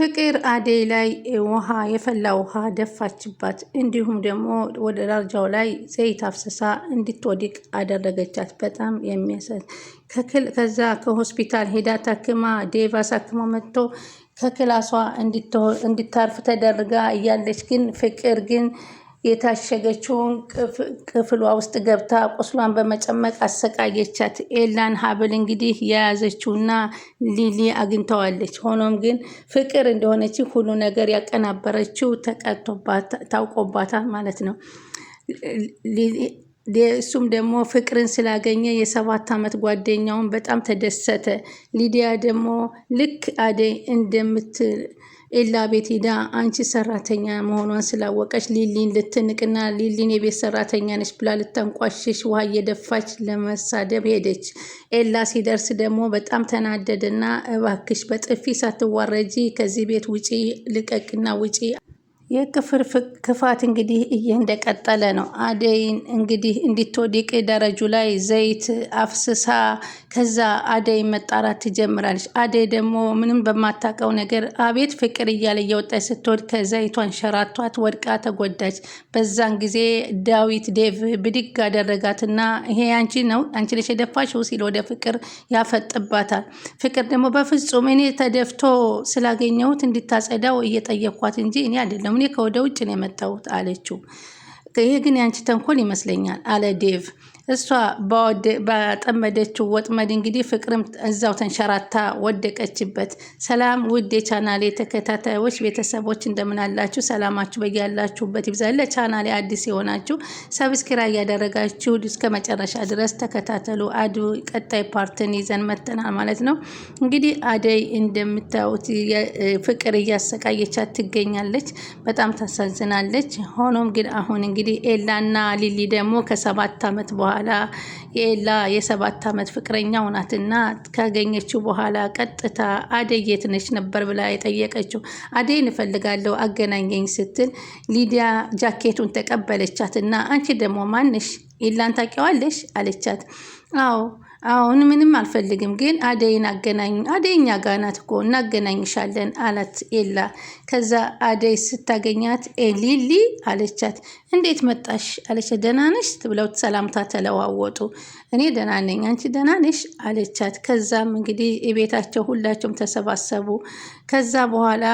ፍቅር አደይ ላይ ውሃ የፈላ ውሃ ደፋችባት። እንዲሁም ደግሞ ወደ ዳርጃው ላይ ዘይት አፍስሳ እንድትወድቅ አደረገቻት። በጣም የሚያሳዝን ከዛ ከሆስፒታል ሄዳ ታክማ ዴቫ ሳክማ መጥቶ ከክላሷ እንድታርፍ ተደርጋ እያለች ግን ፍቅር ግን የታሸገችውን ክፍሏ ውስጥ ገብታ ቁስሏን በመጨመቅ አሰቃየቻት። ኤላን ሀብል እንግዲህ የያዘችውና ሊሊ አግኝተዋለች። ሆኖም ግን ፍቅር እንደሆነች ሁሉ ነገር ያቀናበረችው ተቀቶባት ታውቆባታል ማለት ነው። እሱም ደግሞ ፍቅርን ስላገኘ የሰባት ዓመት ጓደኛውን በጣም ተደሰተ። ሊዲያ ደግሞ ልክ አደይ እንደምትል ኤላ ቤት ሂዳ አንቺ ሰራተኛ መሆኗን ስላወቀች ሊሊን ልትንቅና ሊሊን የቤት ሰራተኛ ነች ብላ ልታንቋሽሽ ውሃ እየደፋች ለመሳደብ ሄደች። ኤላ ሲደርስ ደግሞ በጣም ተናደደና እባክሽ በጥፊ ሳትዋረጂ ከዚህ ቤት ውጪ ልቀቅና ውጪ የክፍር ክፋት እንግዲህ እየ እንደቀጠለ ነው። አደይን እንግዲህ እንድትወድቅ ደረጁ ላይ ዘይት አፍስሳ ከዛ አደይ መጣራት ትጀምራለች። አደይ ደግሞ ምንም በማታውቀው ነገር አቤት ፍቅር እያለ እየወጣች ስትወድ ከዘይቷን ሸራቷት ወድቃ ተጎዳች። በዛን ጊዜ ዳዊት ዴቭ ብድግ አደረጋትና ይሄ አንቺ ነው አንቺ ነሽ የደፋሽው ሲል ወደ ፍቅር ያፈጥባታል። ፍቅር ደግሞ በፍጹም እኔ ተደፍቶ ስላገኘሁት እንድታጸዳው እየጠየኳት እንጂ እኔ አይደለም እኔ ከወደ ውጭ ነው የመጣሁት አለችው። ይሄ ግን የአንቺ ተንኮል ይመስለኛል አለ ዴቭ እሷ በጠመደችው ወጥመድ እንግዲህ ፍቅርም እዛው ተንሸራታ ወደቀችበት። ሰላም ውድ የቻናሌ ተከታታዮች ቤተሰቦች እንደምን አላችሁ? ሰላማችሁ በያላችሁበት ይብዛል። ለቻናሌ አዲስ የሆናችሁ ሰብስክራይብ እያደረጋችሁ እስከ መጨረሻ ድረስ ተከታተሉ። አዱ ቀጣይ ፓርትን ይዘን መጥተናል ማለት ነው። እንግዲህ አደይ እንደምታዩት ፍቅር እያሰቃየቻት ትገኛለች። በጣም ታሳዝናለች። ሆኖም ግን አሁን እንግዲህ ኤላና ሊሊ ደግሞ ከሰባት ዓመት በኋላ በኋላ የኤላ የሰባት ዓመት ፍቅረኛው ናትና ካገኘችው በኋላ ቀጥታ አደይ የት ነች ነበር ብላ የጠየቀችው። አደይ እንፈልጋለሁ አገናኘኝ ስትል ሊዲያ ጃኬቱን ተቀበለቻትና አንቺ ደግሞ ማንሽ ኤላን ታውቂዋለሽ አለቻት። አዎ አሁን ምንም አልፈልግም፣ ግን አደይን አገናኝ አደይኛ ጋር ናት እኮ እናገናኝሻለን አላት ኤላ። ከዛ አደይ ስታገኛት ኤሊሊ አለቻት። እንዴት መጣሽ አለቻት። ደህና ነሽ ብለው ሰላምታ ተለዋወጡ። እኔ ደህና ነኝ፣ አንቺ ደህና ነሽ አለቻት። ከዛም እንግዲህ ቤታቸው ሁላቸውም ተሰባሰቡ። ከዛ በኋላ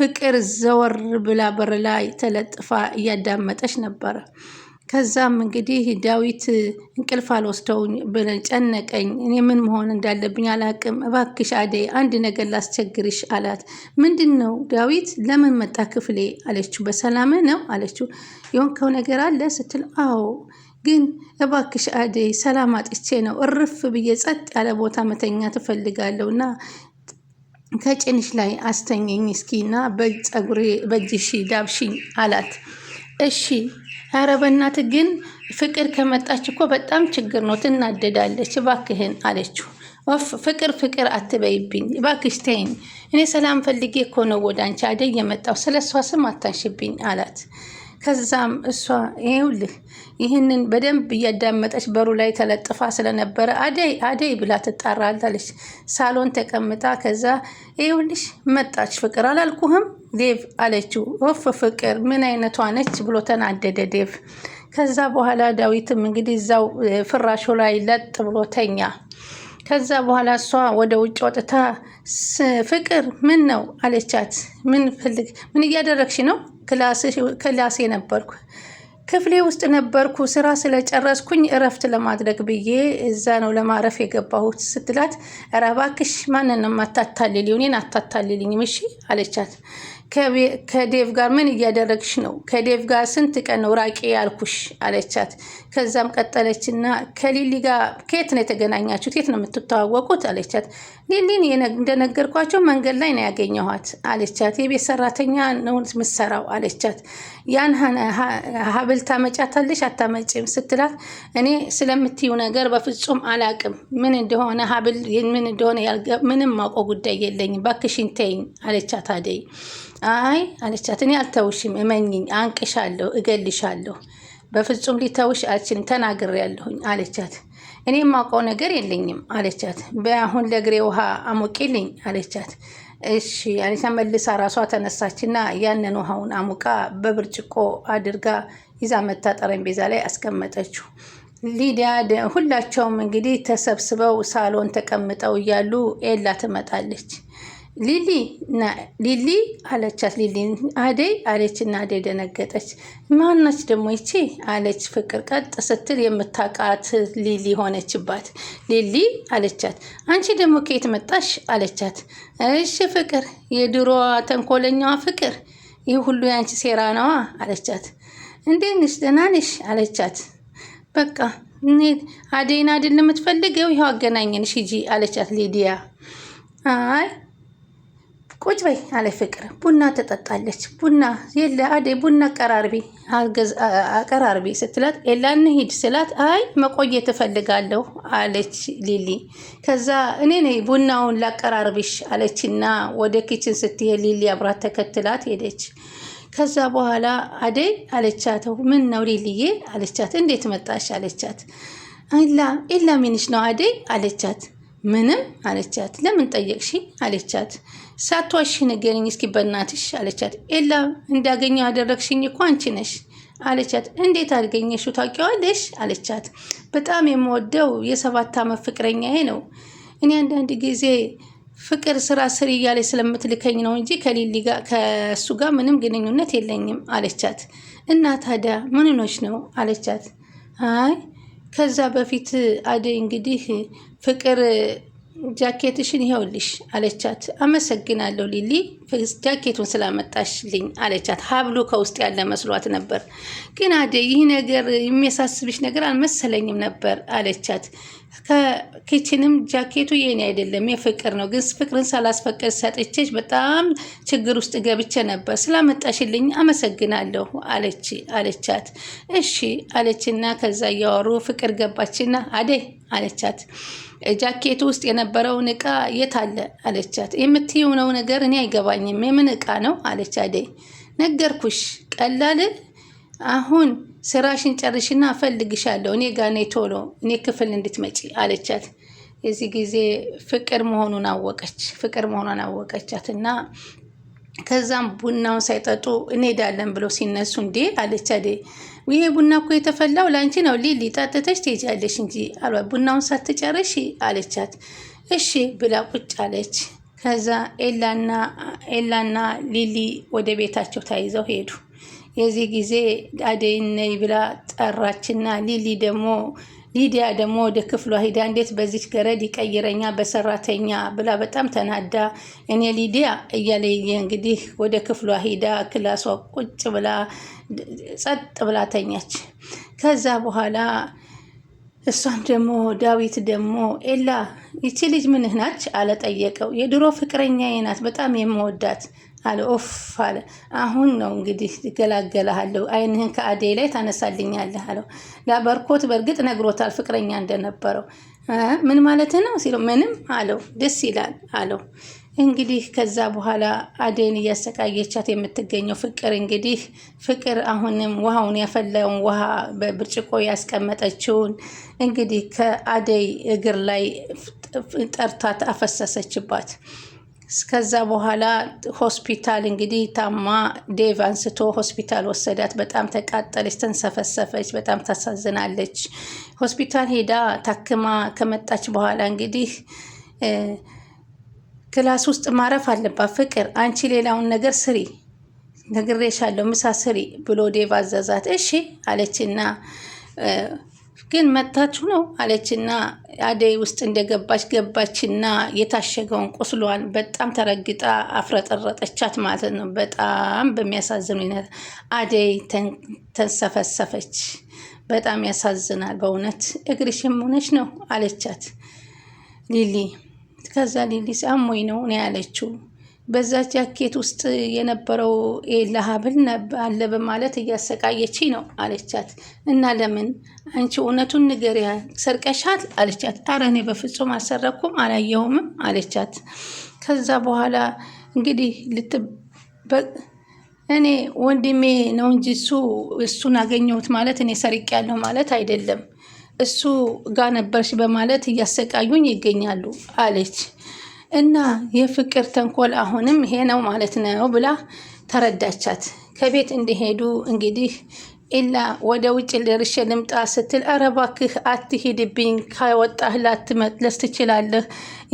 ፍቅር ዘወር ብላ በር ላይ ተለጥፋ እያዳመጠች ነበረ። ከዛም እንግዲህ ዳዊት እንቅልፍ አልወስደውኝ ብለን ጨነቀኝ። እኔ ምን መሆን እንዳለብኝ አላቅም። እባክሽ አደይ አንድ ነገር ላስቸግርሽ አላት። ምንድን ነው ዳዊት? ለምን መጣ ክፍሌ አለችው። በሰላም ነው አለችው። የሆንከው ነገር አለ ስትል አዎ ግን እባክሽ አደይ ሰላም አጥቼ ነው እርፍ ብዬ ጸጥ ያለ ቦታ መተኛ ትፈልጋለሁ እና ከጭንሽ ላይ አስተኘኝ እስኪ እና በጸጉሬ በእጅሽ ዳብሽኝ አላት። እሺ ኧረ በእናትህ ግን ፍቅር ከመጣች እኮ በጣም ችግር ነው፣ ትናደዳለች። እባክህን አለችው። ወፍ ፍቅር ፍቅር አትበይብኝ እባክሽ ተይኝ። እኔ ሰላም ፈልጌ እኮ ነው ወደ አንቺ አደይ የመጣው። ስለ እሷ ስም አታንሽብኝ አላት። ከዛም እሷ ይኸውልህ ይህንን በደንብ እያዳመጠች በሩ ላይ ተለጥፋ ስለነበረ አደይ አደይ ብላ ትጣራለች። ሳሎን ተቀምጣ ከዛ ይኸውልሽ መጣች ፍቅር አላልኩህም ዴቭ አለችው። ወፍ ፍቅር ምን አይነቷ ነች ብሎ ተናደደ ዴቭ። ከዛ በኋላ ዳዊትም እንግዲህ እዛው ፍራሹ ላይ ለጥ ብሎ ተኛ። ከዛ በኋላ እሷ ወደ ውጭ ወጥታ ፍቅር ምን ነው አለቻት። ምን ፈልግ ምን እያደረግሽ ነው ክላሴ ነበርኩ ክፍሌ ውስጥ ነበርኩ። ስራ ስለጨረስኩኝ እረፍት ለማድረግ ብዬ እዛ ነው ለማረፍ የገባሁት ስትላት፣ ኧረ እባክሽ ማንንም አታታልል፣ እኔን አታታልልኝም እሺ አለቻት። ከዴቭ ጋር ምን እያደረግሽ ነው? ከዴቭ ጋር ስንት ቀን ነው ራቂ ያልኩሽ አለቻት። ከዛም ቀጠለችና ከሊሊ ጋር ከየት ነው የተገናኛችሁት? የት ነው የምትተዋወቁት? አለቻት። ሊሊን እንደነገርኳቸው መንገድ ላይ ነው ያገኘኋት አለቻት። የቤት ሰራተኛ ነው ምሰራው አለቻት። ያን ሀብል ታመጫታለሽ አታመጭም ስትላት እኔ ስለምትዩ ነገር በፍጹም አላቅም። ምን እንደሆነ ሀብል ምን እንደሆነ ምንም ማውቀው ጉዳይ የለኝም። ባክሽን ተይኝ አለቻት አደይ አይ አለቻት። እኔ አልተውሽም፣ እመኝኝ፣ አንቅሻለሁ፣ እገልሻለሁ። በፍጹም ሊተውሽ አልችልም፣ ተናግሬያለሁኝ አለቻት። እኔ የማውቀው ነገር የለኝም አለቻት። በአሁን ለእግሬ ውሃ አሞቂልኝ አለቻት። እሺ አለቻት። መልሳ ራሷ ተነሳችና ያንን ውሃውን አሙቃ በብርጭቆ አድርጋ ይዛ መታ ጠረጴዛ ላይ አስቀመጠችው። ሊዲያ ሁላቸውም እንግዲህ ተሰብስበው ሳሎን ተቀምጠው እያሉ ኤላ ትመጣለች። ሊሊ ሊሊ አለቻት። ሊሊ አደይ አለች እና አደይ ደነገጠች። ማናች ደግሞ ይቺ አለች። ፍቅር ቀጥ ስትል የምታውቃት ሊሊ ሆነችባት። ሊሊ አለቻት። አንቺ ደግሞ ከየት መጣሽ አለቻት። እሺ ፍቅር፣ የድሮዋ ተንኮለኛዋ ፍቅር፣ ይህ ሁሉ ያንቺ ሴራ ነዋ አለቻት። እንዴት ነሽ? ደህና ነሽ አለቻት። በቃ አደይን አይደል የምትፈልገው? ይኸው አገናኘንሽ ሂጂ አለቻት ሊዲያ አይ ቁጭ በይ አለ ፍቅር። ቡና ተጠጣለች። ቡና የለ አዴ ቡና አቀራርቢ አቀራርቢ ስትላት ኤላ እንሂድ ስላት አይ መቆየት እፈልጋለሁ አለች ሊሊ። ከዛ እኔ ነኝ ቡናውን ላቀራርብሽ አለችና ወደ ኪችን ስትሄድ ሊሊ አብራት ተከትላት ሄደች። ከዛ በኋላ አደይ አለቻተው፣ ምን ነው ሊልዬ አለቻት። እንዴት መጣሽ አለቻት። ኤላ ኢላ ሚንሽ ነው አደይ አለቻት። ምንም አለቻት። ለምን ጠየቅሽ አለቻት። ሳትዋሺ ንገሪኝ እስኪ በእናትሽ አለቻት። ኤላ እንዳገኘው ያደረግሽኝ እኮ አንቺ ነሽ አለቻት። እንዴት አድገኘሽው ታውቂዋለሽ አለቻት። በጣም የምወደው የሰባት ዓመት ፍቅረኛዬ ነው። እኔ አንዳንድ ጊዜ ፍቅር ስራ ስሪ እያለች ስለምትልከኝ ነው እንጂ ከሊሊ ጋር ከእሱ ጋር ምንም ግንኙነት የለኝም አለቻት። እና ታዲያ ምንኖች ነው አለቻት። አይ ከዛ በፊት አደይ እንግዲህ ፍቅር ጃኬትሽን ይኸውልሽ አለቻት። አመሰግናለሁ ሊሊ ጃኬቱን ስላመጣሽልኝ አለቻት። ሀብሉ ከውስጥ ያለ መስሏት ነበር። ግን አደይ ይህ ነገር የሚያሳስብሽ ነገር አልመሰለኝም ነበር አለቻት። ከኪችንም ጃኬቱ የኔ አይደለም የፍቅር ነው፣ ግን ፍቅርን ሳላስፈቅድ ሰጥቼች በጣም ችግር ውስጥ ገብቼ ነበር። ስላመጣሽልኝ አመሰግናለሁ አለች አለቻት። እሺ አለችና ከዛ እያወሩ ፍቅር ገባችና አደይ አለቻት ጃኬቱ ውስጥ የነበረውን እቃ የት አለ አለቻት። የምትይው ነው ነገር እኔ አይገባኝም። የምን እቃ ነው አለች አደይ። ነገርኩሽ ቀላል አሁን ስራሽን ጨርሽና እፈልግሻለሁ፣ እኔ ጋ ነይ ቶሎ፣ እኔ ክፍል እንድትመጪ አለቻት። የዚህ ጊዜ ፍቅር መሆኑን አወቀች። ፍቅር መሆኗን አወቀቻት እና ከዛም ቡናውን ሳይጠጡ እንሄዳለን ብሎ ሲነሱ እንዴ አለች አዴ ይሄ ቡና እኮ የተፈላው ለአንቺ ነው ሊሊ ጠጥተሽ ትሄጃለሽ እንጂ አልባ ቡናውን ሳትጨርሽ አለቻት። እሺ ብላ ቁጭ አለች። ከዛ ኤላና ኤላና ሊሊ ወደ ቤታቸው ተያይዘው ሄዱ። የዚህ ጊዜ አደይን ነይ ብላ ጠራችና ሊሊ ደግሞ ሊዲያ ደግሞ ወደ ክፍሏ ሂዳ እንዴት በዚች ገረድ ይቀይረኛ በሰራተኛ ብላ በጣም ተናዳ እኔ ሊዲያ እያለየ እንግዲህ ወደ ክፍሏ ሂዳ ክላሷ ቁጭ ብላ ጸጥ ብላ ተኛች። ከዛ በኋላ እሷም ደግሞ ዳዊት ደግሞ ኤላ ይቺ ልጅ ምንህ ናች አለጠየቀው። የድሮ ፍቅረኛዬ ናት በጣም የምወዳት አለ። ኦፍ አለ። አሁን ነው እንግዲህ እገላገለሃለሁ፣ አይንህን ከአዴ ላይ ታነሳልኛለህ አለው። ለበርኮት በእርግጥ ነግሮታል ፍቅረኛ እንደነበረው። ምን ማለት ነው ሲለው ምንም አለው። ደስ ይላል አለው። እንግዲህ ከዛ በኋላ አደይን እያሰቃየቻት የምትገኘው ፍቅር እንግዲህ ፍቅር አሁንም ውሃውን ያፈላውን ውሃ በብርጭቆ ያስቀመጠችውን እንግዲህ ከአደይ እግር ላይ ጠርታት አፈሰሰችባት። እስከዛ በኋላ ሆስፒታል እንግዲህ ታማ ዴቭ አንስቶ ሆስፒታል ወሰዳት። በጣም ተቃጠለች፣ ተንሰፈሰፈች፣ በጣም ታሳዝናለች። ሆስፒታል ሄዳ ታክማ ከመጣች በኋላ እንግዲህ ክላስ ውስጥ ማረፍ አለባት ፍቅር፣ አንቺ ሌላውን ነገር ስሪ ነግሬሻለሁ፣ ምሳ ስሪ ብሎ ዴቭ አዘዛት። እሺ አለችና ግን መታችሁ ነው አለችና አደይ ውስጥ እንደገባች ገባችና የታሸገውን ቁስሏን በጣም ተረግጣ አፍረጠረጠቻት ማለት ነው። በጣም በሚያሳዝን ሁኔታ አደይ ተንሰፈሰፈች። በጣም ያሳዝናል በእውነት እግርሽም ሆነች ነው አለቻት ሊሊ። ከዛ ሊሊ ሲያሞኝ ነው ነው ያለችው በዛ ጃኬት ውስጥ የነበረው ኤላ ሀብል አለ በማለት እያሰቃየች ነው አለቻት። እና ለምን አንቺ እውነቱን ንገሪያ ሰርቀሻል አለቻት። ኧረ እኔ በፍጹም አልሰረኩም አላየሁምም አለቻት። ከዛ በኋላ እንግዲህ ልት እኔ ወንድሜ ነው እንጂ እሱ እሱን አገኘሁት ማለት እኔ ሰርቅ ያለው ማለት አይደለም እሱ ጋር ነበርሽ በማለት እያሰቃዩኝ ይገኛሉ አለች። እና የፍቅር ተንኮል አሁንም ይሄ ነው ማለት ነው ብላ ተረዳቻት። ከቤት እንዲሄዱ እንግዲህ ኢላ ወደ ውጭ ልርሽ ልምጣ ስትል ኧረ እባክህ አትሂድብኝ፣ ካወጣህ ላትመለስ ትችላለህ፣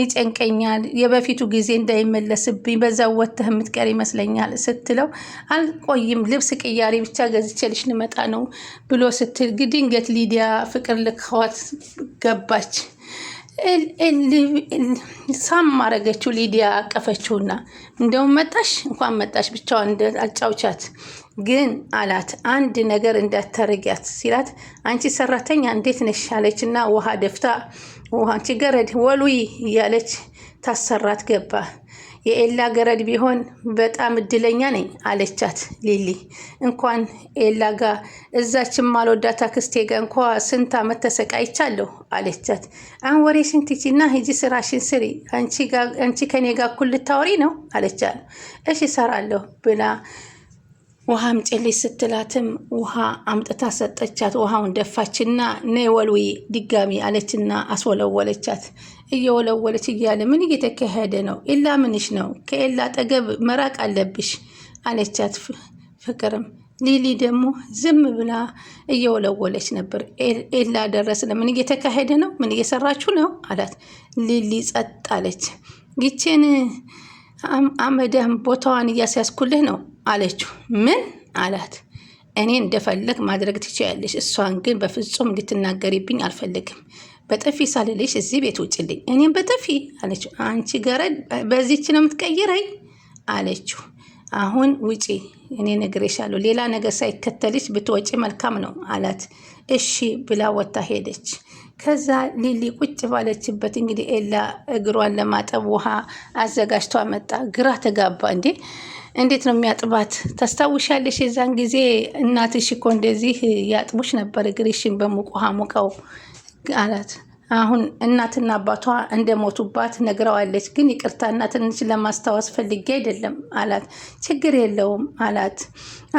ይጨንቀኛል፣ የበፊቱ ጊዜ እንዳይመለስብኝ በዛ ወተህ የምትቀር ይመስለኛል ስትለው አልቆይም፣ ልብስ ቅያሬ ብቻ ገዝቼልሽ ልመጣ ነው ብሎ ስትል ድንገት ሊዲያ ፍቅር ልክዋት ገባች። ሳም አረገችው። ሊዲያ አቀፈችውና እንደውም መጣሽ እንኳን መጣሽ ብቻዋን አጫውቻት ግን አላት። አንድ ነገር እንዳታረጊያት ሲላት አንቺ ሰራተኛ እንዴት ነሽ አለች እና ውሃ ደፍታ ውሃ አንቺ ገረድ ወሉይ እያለች ታሰራት ገባ። የኤላ ገረድ ቢሆን በጣም እድለኛ ነኝ አለቻት ሊሊ። እንኳን ኤላ ጋ እዛችን አልወዳት አክስቴ ጋ እንኳ ስንት አመት ተሰቃይቻለሁ አለቻት። አሁን ወሬሽን ትቺና ሂጂ ስራሽን ስሪ። አንቺ ከኔ ጋ እኩል ልታወሪ ነው አለቻት። እሺ እሰራለሁ ብላ ውሃ አምጪልኝ ስትላትም ውሃ አምጥታ ሰጠቻት። ውሃውን ደፋችና ነይ ወልዊ ድጋሚ አለችና አስወለወለቻት። እየወለወለች እያለ ምን እየተካሄደ ነው? ኤላ ምንሽ ነው? ከኤላ አጠገብ መራቅ አለብሽ አለቻት። ፍቅርም ሊሊ ደግሞ ዝም ብላ እየወለወለች ነበር። ኤላ ደረስን። ምን እየተካሄደ ነው? ምን እየሰራችሁ ነው አላት። ሊሊ ጸጥ አለች። ይችን አመዳም ቦታዋን እያስያዝኩልህ ነው አለችው። ምን አላት? እኔ እንደፈለግ ማድረግ ትችያለሽ፣ እሷን ግን በፍጹም እንድትናገሪብኝ አልፈልግም። በጥፊ ሳልልሽ እዚህ ቤት ውጭልኝ። እኔም በጥፊ አለችው። አንቺ ገረድ በዚች ነው የምትቀይረኝ አለችው። አሁን ውጪ፣ እኔ ነግሬሻለሁ። ሌላ ነገር ሳይከተልሽ ብትወጪ መልካም ነው አላት። እሺ ብላ ወታ ሄደች። ከዛ ሊሊ ቁጭ ባለችበት እንግዲህ ኤላ እግሯን ለማጠብ ውሃ አዘጋጅቷ መጣ። ግራ ተጋባ እንዴ እንዴት ነው የሚያጥባት? ታስታውሻለሽ? የዛን ጊዜ እናትሽ እኮ እንደዚህ ያጥቡሽ ነበር እግርሽን በሙቅ ውሃ ሙቀው አላት። አሁን እናትና አባቷ እንደሞቱባት ነግረዋለች፣ ግን ይቅርታ እናትንች ለማስታወስ ፈልጌ አይደለም አላት። ችግር የለውም አላት።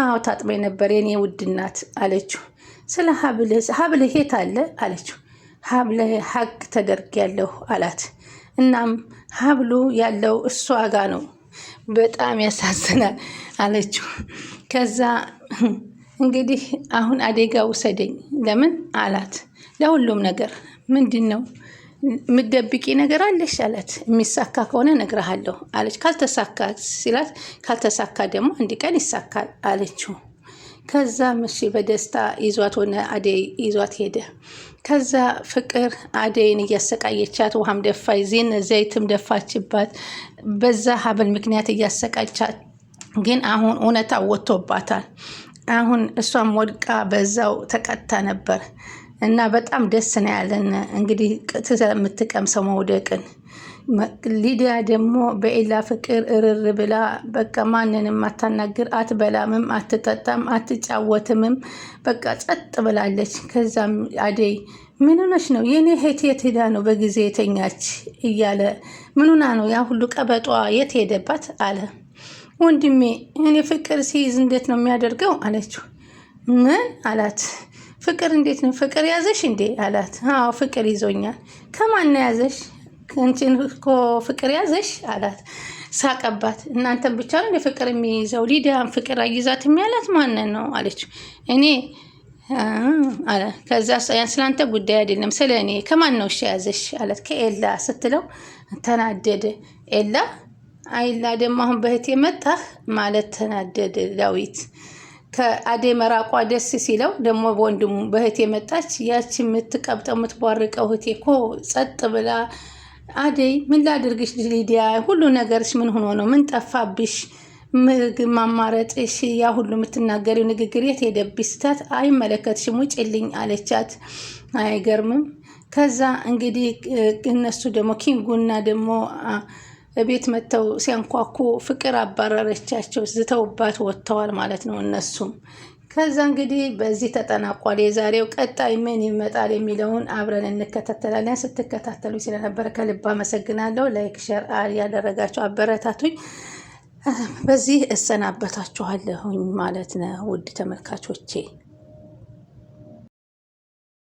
አዎ ታጥቤ ነበር የኔ ውድ እናት አለችው። ስለ ሀብልህ የት አለ አለችው። ሀብለ ተደርግ ያለሁ አላት። እናም ሀብሉ ያለው እሷ ጋ ነው በጣም ያሳዝናል አለችው። ከዛ እንግዲህ አሁን አደጋ ውሰደኝ ለምን አላት። ለሁሉም ነገር ምንድን ነው ምደብቂ ነገር አለሽ አላት። የሚሳካ ከሆነ ነግረሃለሁ አለች። ካልተሳካ ሲላት ካልተሳካ ደግሞ አንድ ቀን ይሳካል አለችው። ከዛ ምሽ በደስታ ይዟት ሆነ አደይ ይዟት ሄደ። ከዛ ፍቅር አደይን እያሰቃየቻት ውሃም ደፋይ ዜን ዘይትም ደፋችባት። በዛ ሀብል ምክንያት እያሰቃቻት ግን አሁን እውነታ ወጥቶባታል። አሁን እሷም ወድቃ በዛው ተቀጥታ ነበር እና በጣም ደስ ነው ያለን እንግዲህ ስለምትቀምሰው መውደቅን ሊዲያ ደግሞ በኤላ ፍቅር እርር ብላ በቃ ማንንም አታናግር፣ አትበላምም፣ አትጠጣም፣ አትጫወትምም በቃ ጸጥ ብላለች። ከዛም አደይ ምን ነው የኔ እህት የት ሄዳ ነው በጊዜ የተኛች እያለ ምን ሆና ነው ያ ሁሉ ቀበጧ የት ሄደባት አለ። ወንድሜ እኔ ፍቅር ሲይዝ እንዴት ነው የሚያደርገው አለችው። ምን አላት። ፍቅር እንዴት ነው ፍቅር ያዘሽ እንዴ አላት። አዎ ፍቅር ይዞኛል። ከማን ያዘሽ እንትን እኮ ፍቅር ያዘሽ አላት። ሳቀባት። እናንተን ብቻ ነው ፍቅር የሚይዘው ሊዲያን ፍቅር አይዛት የሚያላት ማንን ነው አለች። እኔ ከዛ ስለአንተ ጉዳይ አይደለም ስለ እኔ ከማን ነው እሺ ያዘሽ አላት። ከኤላ ስትለው ተናደደ። ኤላ አይላ ደግሞ አሁን በህት መጣህ ማለት ተናደደ ዳዊት ከአዴ መራቋ ደስ ሲለው ደግሞ በወንድሙ በህት የመጣች ያቺ የምትቀብጠው የምትቧርቀው ህቴ እኮ ጸጥ ብላ አደይ ምን ላድርግሽ ሊዲያ፣ ሁሉ ነገርሽ ምን ሆኖ ነው? ምን ጠፋብሽ? ምግብ ማማረጥሽ፣ ያ ሁሉ የምትናገሪው ንግግር የት ሄደብሽ? ስታት አይመለከትሽም ውጭልኝ አለቻት። አይገርምም። ከዛ እንግዲህ እነሱ ደግሞ ኪንጉና ደግሞ ቤት መጥተው ሲያንኳኩ ፍቅር አባረረቻቸው። ዝተውባት ወጥተዋል ማለት ነው እነሱም ከዛ እንግዲህ በዚህ ተጠናቋል የዛሬው። ቀጣይ ምን ይመጣል የሚለውን አብረን እንከታተላለን። ስትከታተሉ ስለነበረ ከልብ አመሰግናለሁ። ላይክ፣ ሸር ያደረጋቸው አበረታቱኝ። በዚህ እሰናበታችኋለሁኝ ማለት ነው ውድ ተመልካቾቼ።